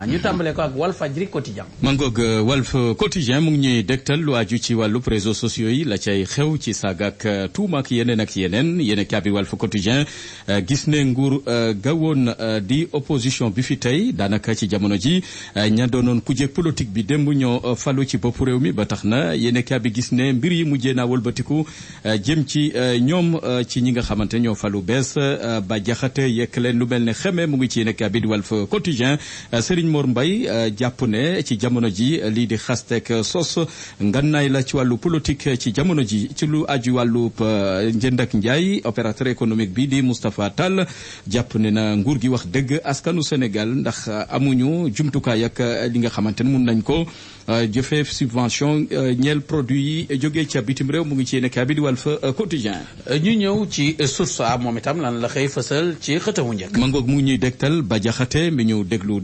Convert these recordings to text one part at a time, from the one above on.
ñu tàmbale ko ak Walfadjri quotidien ma ngoog euh, Walf quotidien mu ngi ñuy dégtal lu aju ci wàllub réseaux sociaux yi la cay xew ci saaga ak euh, tuuma yeneen ak yeneen yéen a bi Walf quotidien euh, gis ne nguur gawoon di opposition bi fi tey daanaka ci jamono ji ña doonoon ku jeeg politique bi démb ñoo falu ci bopp réew mi ba tax na yéen a bi gis ne mbir yi mujjee naa wëlbatiku jëm ci ñoom ci ñi nga xamante ñoo falu bees ba jaxate yekk leen lu mel ne xeme mu ngi ci yéen a bi di Walf quotidien Serigne Serigne Mor Mbaye euh, jàpp ne ci jamono ji euh, lii di xasteek euh, sos ngannaay la ci wàllu politique ci jamono ji ci lu aju wàllu njënd ak njaay opérateur économique bi di Moustapha Tall jàpp ne na nguur gi wax dëgg askanu Sénégal ndax amuñu jumtukaay ak li nga xamante ne mun nañ ko jëfee subvention ñeel produit yi jógee ca bitim réew mu ngi ci yéen a bi di Walf Quotidien ñu ñëw ci source moom itam lan la xëy fësal ci xëtamu njëkk. mangoog mu ñuy dégtal ba jaxate mi ñu déglu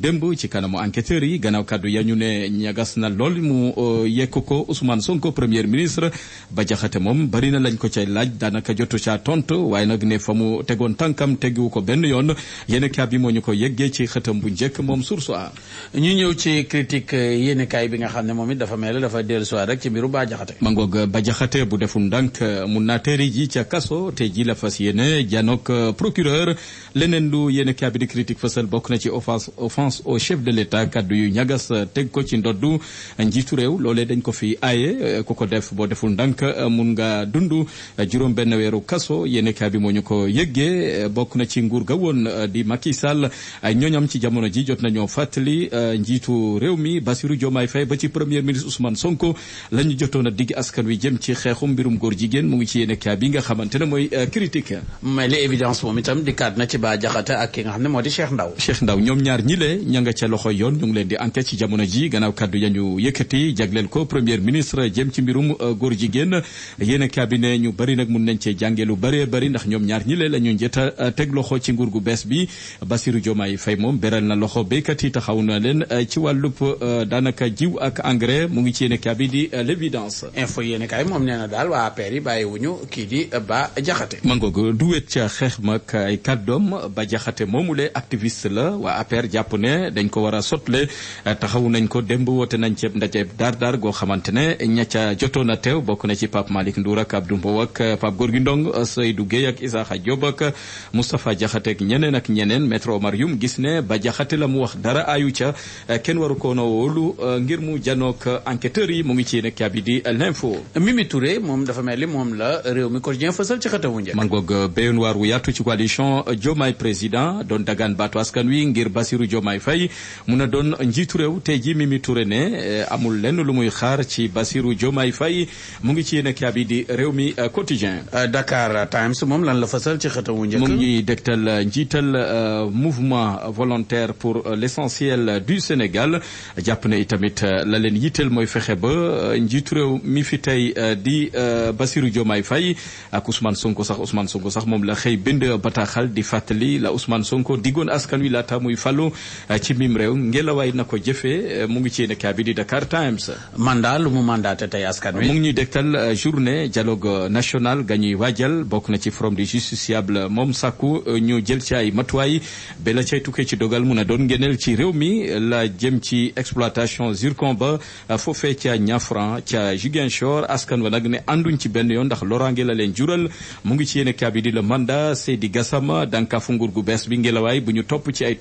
kanamu enquêteurs yi gannaaw kaddu ya ñu ne ñagas na lool mu euh, yekk ko Ousmane Sonko premier ministre ba jaxate moom bari na lañ ko cay laaj daanaka jotu caa tontu waaye nag ne fa mu tegoon tànkam teggu ko benn yoon yéen kaay bi moo ñu ko yeggee ci xëtam bu njëkk moom source a ñu ñëw ci critique euh, yéen kaay bi nga xam ne moom it dafa mel dafa dellu soir rek ci mbiru ba jaxate ma ngoog euh, ba jaxate bu deful ndànk mun na teeri ji ca kaso te ji la fas yéene janook procureur leneen lu yéen kaay di critique fasal bokk na ci offense offense chef de l'État kaddu yu ñagas euh, teg ko ci ndoddu njiitu réew loolee dañ ko fi aaye euh, ku ko def boo deful ndànk euh, mun nga dund juróom benn weeru kaso yéene kaa bi moo ñu ko yëggee bokk na ci nguur ga woon di Macky Sall ay ñoñam ci jamono ji jot nañoo fàttali njiitu réew mi Bassirou Diomaye fay ba ci premier ministre Ousmane Sonko la ñu jotoon a digg askan wi jëm ci xeexum mbirum góor jigéen mu ngi ci yéene kaa bi nga xamante ne mooy critique mais li évidence moom itam na ci ba jaxata ak ki di Cheikh Ndaw Cheikh Ndaw loxoy yoon ñu ngi leen di ante ci jamono ji gannaaw kaddu yañu yëkkati jagleel ko premier ministre jëm ci mbirum euh, góor jigéen yéen cabinet ñu bëri nag mun nañ cee jànge lu bëree bëri ndax ñoom ñaar ñi lee la ñu njëta euh, teg loxo ci nguur gu bees bi Bassirou Diomaye Faye moom beral na loxo béykat taxaw na leen euh, ci wàllub daanaka jiw ak engrais mu ngi ci yéen bi di l'évidence info yéen kaay moom nee na daal waa APR yi bàyyiwuñu kii di ba jaxate man googu du wet ca xeex mag ay kàddoom ba jaxate moomule activiste la waa APR ko war a sotle eh, taxaw nañ ko demb woote nañ ceeb ndajeeb daar daar goo xamante ne ña ca jotoon a teew bokk na ci Pape Malick Ndour ak Abdou Mbow ak eh, Pape Gorgui Ndong eh, Seydou Guèye ak Isaaxa Diop ak Moustapha Diakhaté ak ñeneen ak ñeneen maître Omar gis ne ba Diakhaté la mu wax dara ayu ca kenn waru koona wóolu ngir mu janook enquêteurs yi mu ngi ci yéen ak di l'info. Mimi moom dafa mel ni moom la rew mi quotidien fësal ci xëtamu njëkk. mangoog béyoon waar wu yaatu ci coalition Diomaye président doon dagaan baatu mu a doon njiitu réew tey jii Mimi Touré ne eh, amul lenn lu muy xaar ci Bassirou Diomaye fay mu ngi ci yéen a bi di réew mi eh, quotidien. Euh, Dakar Times moom lan la fasal ci xëtam wu njëkk. mu ngi dégtal eh, njiital mouvement volontaire pour l'essentiel du Sénégal jàpp na itamit la leen yitteel mooy fexe ba njiitu réew mi fi tey di Bassirou Diomaye fay ak Ousmane Sonko sax Ousmane Sonko sax moom la xëy bind bataaxal di fàttali la Ousmane Sonko diggoon askan wi laata muy falu ci mim bitim réew ngelawaay na ko jëfee eh, mu ngi ci yéenekaay bi di Dakar Times. mandat lu mu mandaté tey askan wi. mu ngi ñuy dégtal eh, journée jaloog eh, national ga ñuy waajal bokk na ci forum du justiciable moom sàkku ñu jël ci ay matuwaay ba la tukkee ci dogal mun a doon ngeeneel ci réew mi la jëm ci exploitation zircon ba foofee ca Niafran ca Ziguinchor askan wa nag ne ànduñ ci benn yoon ndax loraange la leen jural mu ngi ci yéenekaay bi di Le Mandat Seydi Gassama dankafu nguur gu bees bi ngelawaay bu ñu topp ci ay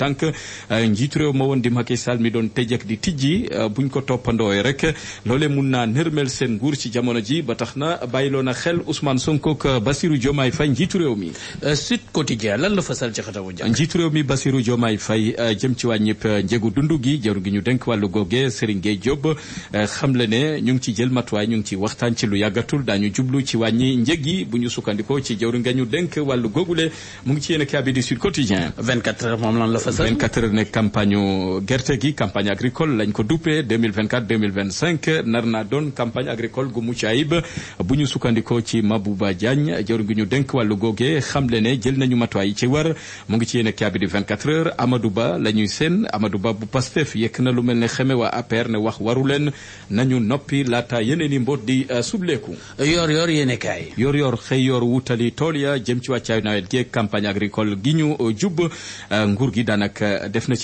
moo woon di Macky Sall mi doon tëj ak di tijji euh, buñ ko toppandoowee rek loolee mun naa nërmel seen nguur ci jamono ji ba tax na bàyyiloo na xel Ousmane Sonko ak euh, Bassirou Diomaye Faye réew mi. Euh, Sud Quotidien lan la fasal ci xatawu njëkk. njiitu réew mi Bassirou Diomaye Faye jëm ci wàññib njëgu dund gi jaru gi ñu dénk wàllu googe Serigne Gueye Diop xamle ne ñu ngi ci jël matuwaay ñu ngi ci waxtaan ci lu yàggatul dañu jublu ci wàññi njëg yi bu ñu sukkandikoo ci jawri nga ñu dénk wàllu ci yéen a Sud Quotidien 24 heures moom saison gerte gi campagne agricole lañ ko duppee nar naa doon campagne agricole gu mucc bu ñu sukkandikoo ci Mabouba Diagne jor gi ñu dénk wàllu googe xamle ne jël nañu matuwaay yi ci war mu ngi ci yéen a bi di 24 heures Amadou Ba la ñuy seen Amadou Ba bu Pastef yekk na lu mel ne xeme waa APR ne wax waru leen nañu noppi laata yeneen i mboot di euh, subleeku. yor yor yéen kaay. yor yor xëy yor wutali tool ya jëm ci wàccaayu nawet gi campagne agricole gi ñu euh, jub euh, nguur gi daanaka def na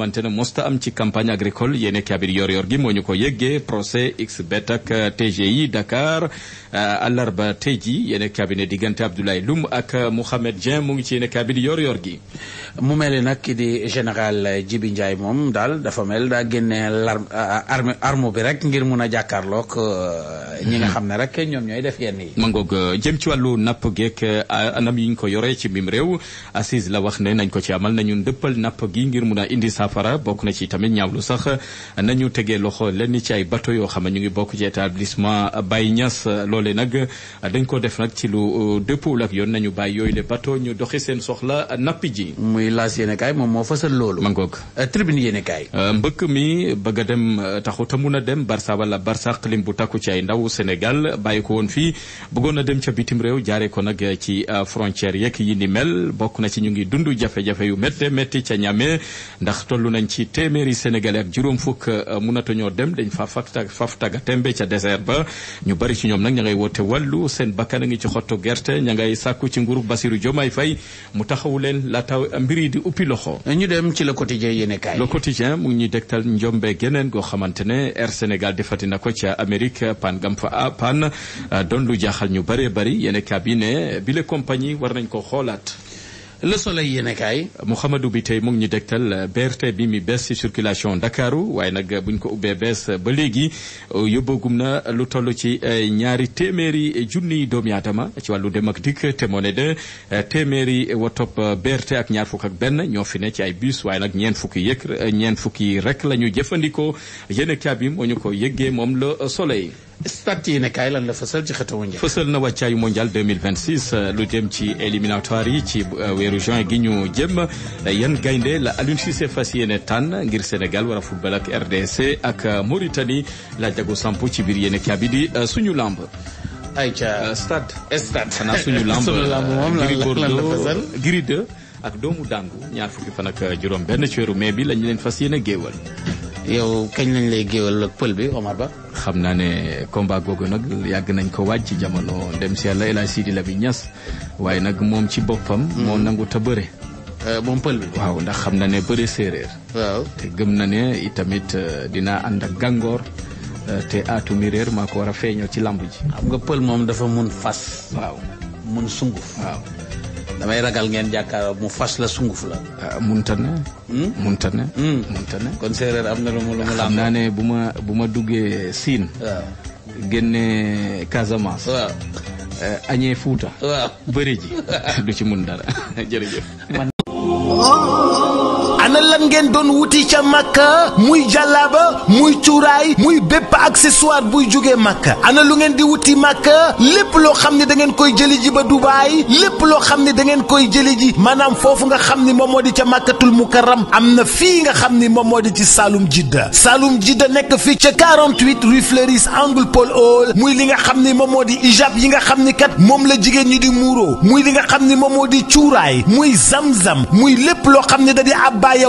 xamante ne mosta am ci campagne agricole yéene kabir yor yor gi moo ñu ko yëggee procès x bet ak TGI Dakar euh, àllarba tey ji yéene kabine diggante Abdoulaye Loum ak Mouhamed Dieng mu ngi ci yéene kabir yor yor gi mu mel nag ki di général Djibi Ndiaye moom daal dafa mel daa génne larme euh, arme arme bi rek ngir mun a jàkkaarloog euh, ñi nga mm-hmm. xam ne rek ñoom ñooy def yenn yi. mangoog jëm ci wàllu napp geek anam yi ñu ko yoree ci mim réew assise la wax ne nañ ko ci amal nañu ndëppal napp gi ngir mun a indi sa saafara bokk na ci tamit ñaawlu sax nañu tegee loxo lenn ci ay bato yoo xam ne ñu ngi bokk ci établissement Baye Niass loole nag dañ ko def nag ci lu euh, dëppoowul ak yoon nañu bàyyi yooyu le bato ñu doxi seen soxla nappi ji. muy laas yéene moom moo fa fasal loolu. man koog euh, tribune yéene kaay. Euh, mbëkk mi bëgg a dem taxu te mun a dem Barça wala Barsaq lim bu takku ci ay ndaw Sénégal bàyyi ko fii bëggoon na dem ca bitim réew jaaree ko nag ci frontière yeeg yi ni mel bokk na ci ñu ngi dund jafe-jafe yu méttee métti ca ñame ndax lu nañ ci téeméeri sénégalais ak juróom fukk euh, munata ñoo dem dañ fa faf taga tembe ca désert ba ñu bari ci ñoom nag ña ngay woote wàllu seen bakkan a ngi ci xottu gerte ña ngay sàkku ci nguurub Basiru Jomaay Fay mu taxawu leen laata mbir yi di uppi loxo. ñu dem ci le quotidien yéen kaay. le quotidien mu ngi ñuy dégtal njombe geneen goo xamante ne Air Sénégal defati na ko ca Amérique pan gam fa ah, pan euh, doon lu jaaxal ñu bëree bari yéen kaay bi ne bile compagnie war nañ ko xoolaat. le soleil yéen a kaay. Mouhamadou bi tey mu ñu dégtal euh, berte bi mi bees ci circulation Ndakaaru waaye nag euh, bu ñu ko ubbee bees euh, ba léegi yóbboogum na lu toll ci ñaari téeméeri junniy doomi aadama ci wàllu dem ak dikk te moo ne de téeméeri watop berte ak ñaar fukk ak benn ñoo fi ne ci ay bus waaye nag ñeent fukki yëg ñeent fukki rek la ñu jëfandikoo yéen a kaay bi moo ñu ko yëggee moom le soleil. stade ci yéen kaay lan la fësal ci xëtawu njëkk fësal na wàccaayu mondial 2026 euh, lu jëm ci éliminatoire yi ci euh, weeru juin gi ñu jëm euh, yan gaynde la Aliou Cissé fas yéene tànn ngir Sénégal war a football ak RDC ak Mauritanie la jago samp ci biir yéen kaay bi di suñu lamb. ayca ca stade xanaa suñu lamb suñu lamb moom lan la fësal ak doomu dàngu ñaar fukki fan ak juróom benn ci weeru mai bi lañu leen fas yéene géewal. yow kañ lañ lay géewal ak pël bi Omar Ba. xam naa ne combat googu nag yàgg nañ ko waaj ci jamono dem si yàlla El Hadj Sidi Lamine Niass waaye nag moom ci boppam. Hmm. moo nangu ta bëre. Euh, moom pël bi. waawaaw ndax xam na ne bëre séeréer. te gëm na ne itamit euh, dinaa ànd ak gàngoor. Euh, te aatu mi réer ko war a feeñoo ci làmb ji. xam nga pël moom dafa mun fas. waaw mun sunguf. waaw damay ragal ngeen jàkkaarloo mu fas la sunguf la. ah munta ne. Hmm? munta ne. Hmm? munta ne. kon séeréer am na lu mu lu mu la xam naa ne bu ma bu ma duggee Siin. waaw génne Casamance. waaw. Eh, añee Fuuta. waaw bëri ji du ci mun dara jërëjëf. lan ngeen doon wuti ca makka muy jàllaaba muy cuuraay muy bépp accessoire buy jógee makk ana lu ngeen di wuti makka lépp loo xam ni da ngeen koy jëli ji ba Dubaay lépp loo xam ni da ngeen koy jëli ji maanaam foofu nga xam ni moom moo di ca màkkatul mukarram am na fii nga xam ni moom moo di ci Saloum Jidda Saloum Jidda nekk fii ca 48 rue Fleuris angle Paul Hall muy li nga xam ni moom moo di ijab yi nga xam ni kat moom la jigéen ñi di muuro muy li nga xam ni moom moo di cuuraay muy zamzam muy lépp loo xam ni da di abbaaya